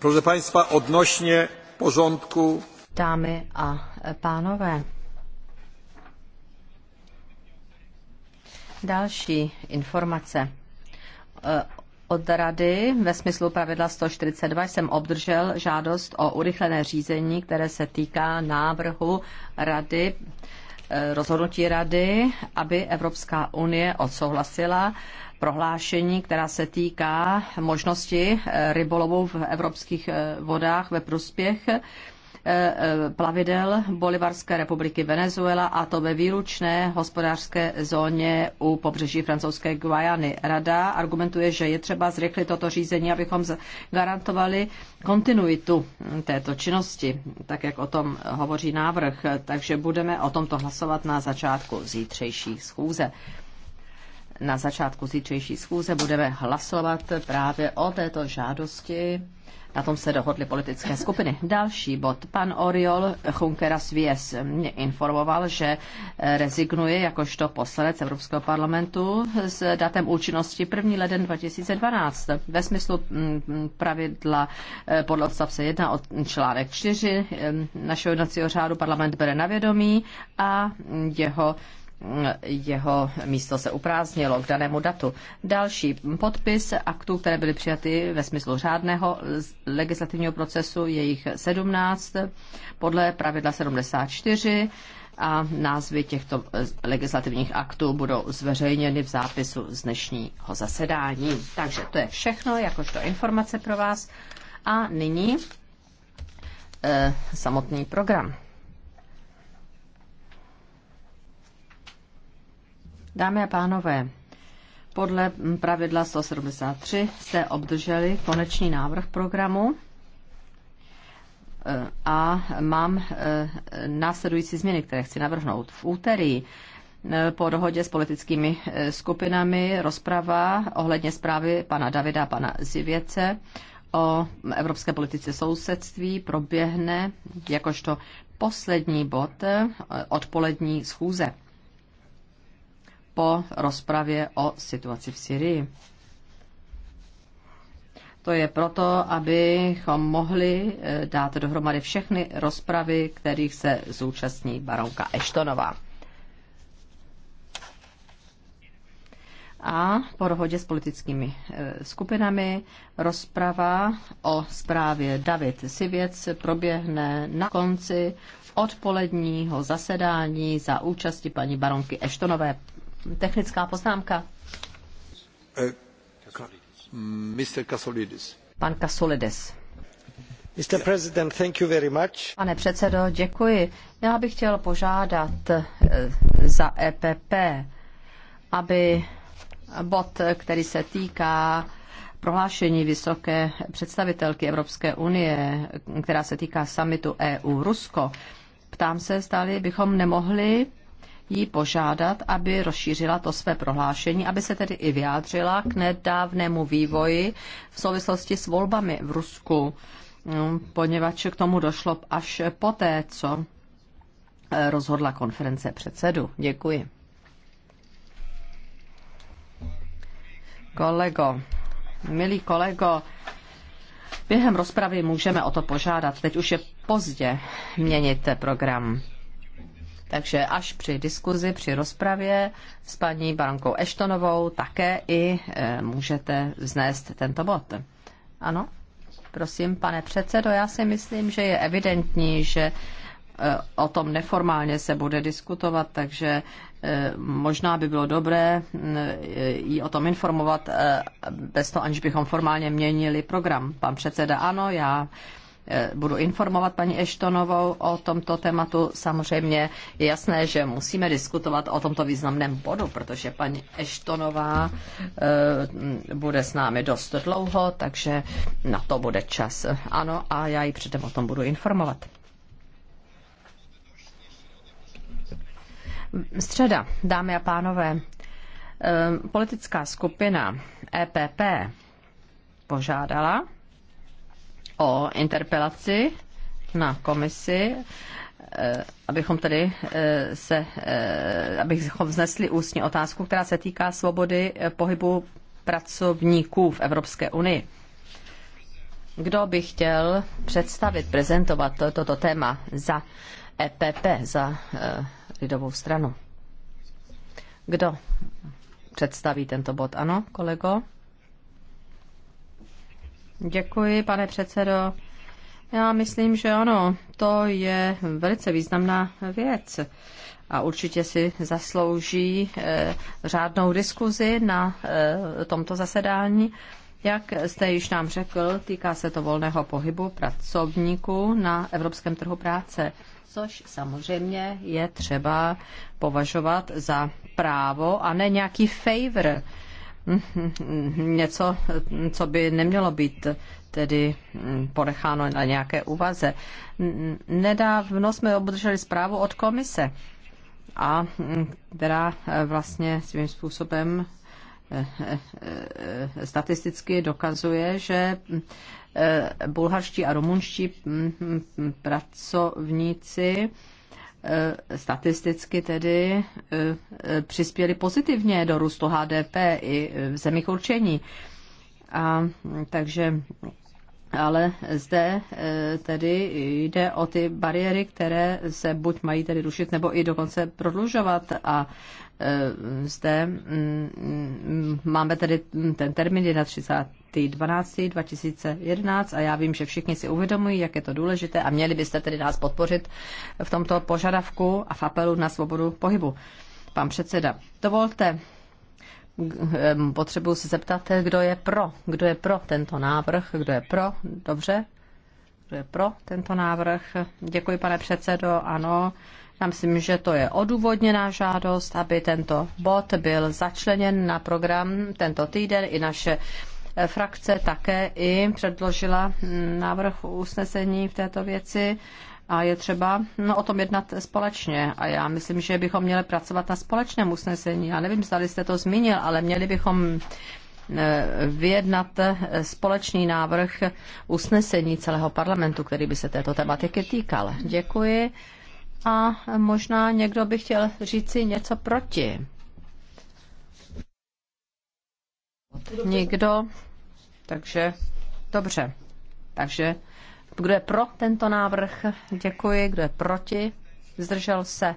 Proszę Państwa, porządku. Dámy a pánové, další informace. Eh, od Rady ve smyslu pravidla 142 jsem obdržel žádost o urychlené řízení, které se týká návrhu Rady eh, rozhodnutí Rady, aby Evropská unie odsouhlasila prohlášení, která se týká možnosti eh, rybolovu v evropských eh, vodách ve prospěch eh, plavidel Bolivarské republiky Venezuela a to ve výlučné hospodářské zóně u pobřeží francouzské Guajany. Rada argumentuje, že je třeba zrychlit toto řízení, abychom garantovali kontinuitu této činnosti, tak jak o tom hovoří návrh, takže budeme o tomto hlasovat na začátku zítřejší schůze na začátku zítřejší schůze budeme hlasovat právě o této žádosti. Na tom se dohodly politické skupiny. Další bod. Pan Oriol Junkera Vies mě informoval, že rezignuje jakožto poslanec Evropského parlamentu s datem účinnosti 1. leden 2012 ve smyslu mm, pravidla eh, podle odstavce 1 od článek 4 eh, našeho jednacího řádu parlament bere na vědomí a jeho jeho místo se upráznilo k danému datu. Další podpis aktů, které byly přijaty ve smyslu řádného legislativního procesu, je jich 17 podle pravidla 74 a názvy těchto legislativních aktů budou zveřejněny v zápisu z dnešního zasedání. Takže to je všechno, jakožto informace pro vás. A nyní e, samotný program. Dámy a pánové, podle pravidla 173 jste obdrželi konečný návrh programu eh, a mám eh, následující změny, které chci navrhnout. V úterý eh, po dohodě s politickými skupinami rozprava ohledně zprávy pana Davida a pana Zivěce o evropské politice sousedství proběhne jakožto poslední bod odpolední schůze po rozpravě o situaci v Syrii. To je proto, abychom mohli eh, dát dohromady všechny rozpravy, kterých se zúčastní baronka Eštonová. A po dohodě s politickými eh, skupinami rozprava o zprávě David Sivěc proběhne na konci odpoledního zasedání za účasti paní baronky Eštonové technická poznámka. Eh, Pan Kasolidis. Pane předsedo, děkuji. Já bych chtěl požádat eh, za EPP, aby bod, který se týká prohlášení vysoké představitelky Evropské unie, která se týká samitu EU-Rusko, ptám se, zdali bychom nemohli ji požádat, aby rozšířila to své prohlášení, aby se tedy i vyjádřila k nedávnému vývoji v souvislosti s volbami v Rusku, mm, poněvadž k tomu došlo až poté, co eh, rozhodla konference předsedu. Děkuji. Kolego, milý kolego, během rozpravy můžeme o to požádat. Teď už je pozdě měnit program. Takže až při diskuzi, při rozpravě s paní Barankou Eštonovou také i eh, můžete vznést tento bod. Ano? Prosím, pane předsedo, já si myslím, že je evidentní, že eh, o tom neformálně se bude diskutovat, takže eh, možná by bylo dobré ji o tom informovat bez toho, aniž bychom formálně měnili program. Pan předseda, ano, já Eh, budu informovat paní Eštonovou o tomto tématu. Samozřejmě je jasné, že musíme diskutovat o tomto významném bodu, protože paní Eštonová eh, bude s námi dost dlouho, takže na to bude čas. Ano, a já ji předem o tom budu informovat. Středa, dámy a pánové, eh, politická skupina EPP požádala interpelaci na komisi, eh, abychom tedy eh, se, eh, abychom vznesli ústní otázku, která se týká svobody pohybu pracovníků v Evropské unii. Kdo by chtěl představit, prezentovat to, toto téma za EPP, za lidovou stranu? Kdo představí tento bod? Ano, kolego? Děkuji, pane předsedo. Já myslím, že ano, to je velice významná věc a určitě si zaslouží eh, řádnou diskuzi na eh, tomto zasedání. Jak jste již nám řekl, týká se to volného pohybu pracovníků na evropském trhu práce, což samozřejmě je třeba považovat za právo a ne nějaký favor Mhm, něco, co by nemělo být tedy mm, ponecháno na nějaké úvaze. Mm, nedávno jsme obdrželi zprávu od komise, a mm, která e, vlastně svým způsobem e, e, statisticky dokazuje, že bulharští a rumunští pracovníci Eh, statisticky tedy eh, eh, přispěly pozitivně do růstu HDP i v zemích určení. A hm, takže ale zde tedy jde o ty bariéry, které se buď mají tedy rušit, nebo i dokonce prodlužovat. A zde hm, hm, máme tedy ten termín 31. 12. 2011 a já vím, že všichni si uvědomují, jak je to důležité a měli byste tedy nás podpořit v tomto požadavku a v apelu na svobodu pohybu. Pan předseda, dovolte, ehm, potřebuji se zeptat, kdo je pro, kdo je pro tento návrh, kdo je pro, dobře, kdo je pro tento návrh. Děkuji, pane předsedo, ano. Já myslím, že to je odůvodněná žádost, aby tento bod byl začleněn na program tento týden i naše frakce také i předložila návrh usnesení v této věci a je třeba no, o tom jednat společně. A já myslím, že bychom měli pracovat na společném usnesení. Já nevím, zda jste to zmínil, ale měli bychom eh, vyjednat eh, společný návrh usnesení celého parlamentu, který by se této tematiky týkal. Děkuji. A možná někdo by chtěl říci něco proti. Nikdo? Takže dobře. Takže kdo je pro tento návrh? Děkuji. Kdo je proti? Zdržel se?